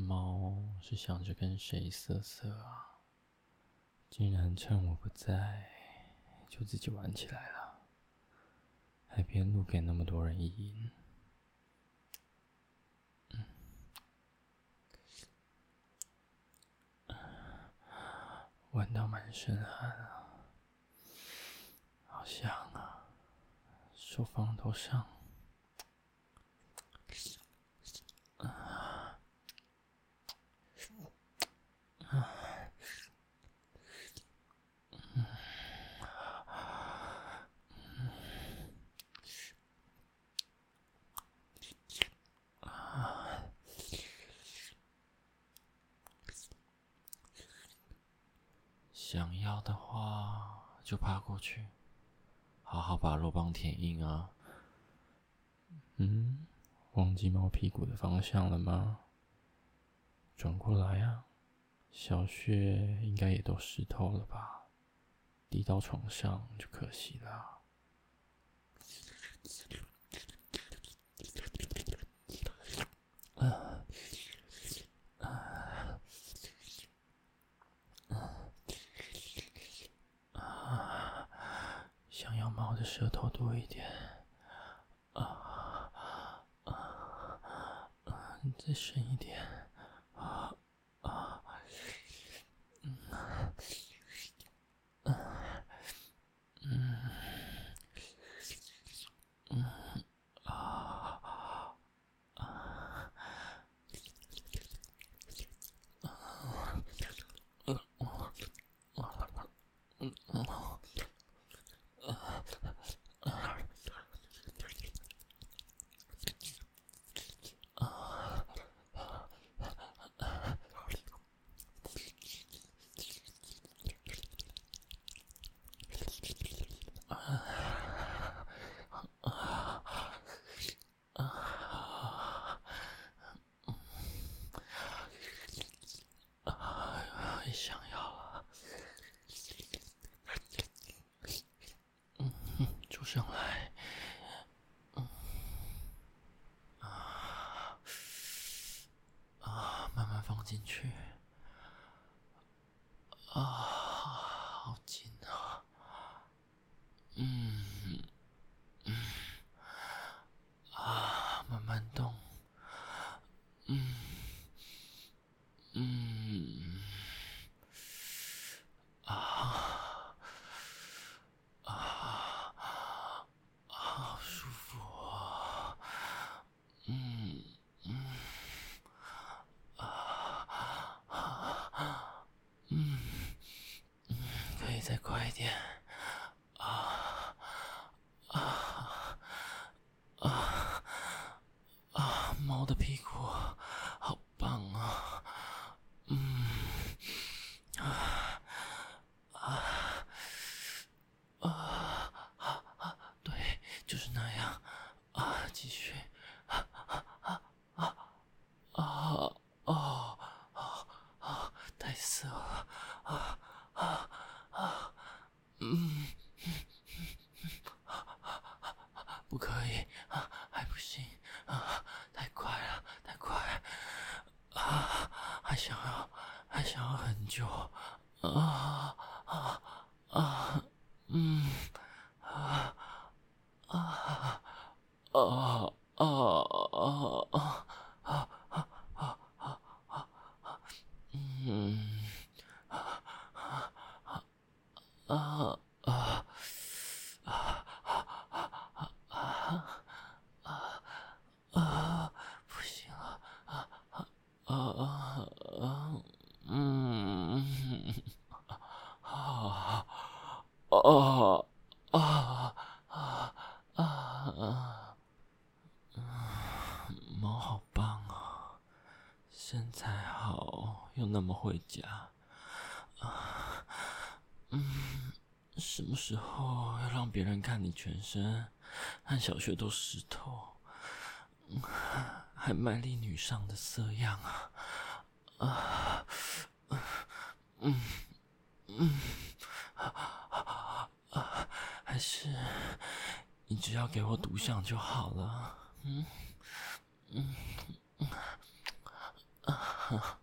貓是想着跟誰瑟瑟啊？竟然趁我不在，就自己玩起來了，還邊錄給那麼多人語音。嗯，玩到滿身汗啊，好香啊，手放頭上。想要的話，就爬過去，好好把肉棒填硬啊。嗯，忘記貓屁股的方向了嗎？轉過來啊！小穴應該也都濕透了吧？滴到床上就可惜了。貓的舌頭多一點，啊啊啊！啊啊，你再深一點，啊。進去啊！Uh. 再快一點！啊啊啊啊！貓的屁股。不可以啊，還不行啊，太快了，太快了，啊，還想要，還想要很久，啊。啊啊啊！ 不行了啊啊啊啊！嗯，啊啊啊啊啊！貓好棒啊、喔， 身材好又那麼會夾。什麼時候要讓別人看你全身，汗，小穴都濕透，嗯，還賣力女上的色樣啊？啊，啊嗯，嗯，啊，啊，啊還是你只要給我獨享就好了。嗯，嗯，嗯，啊，啊。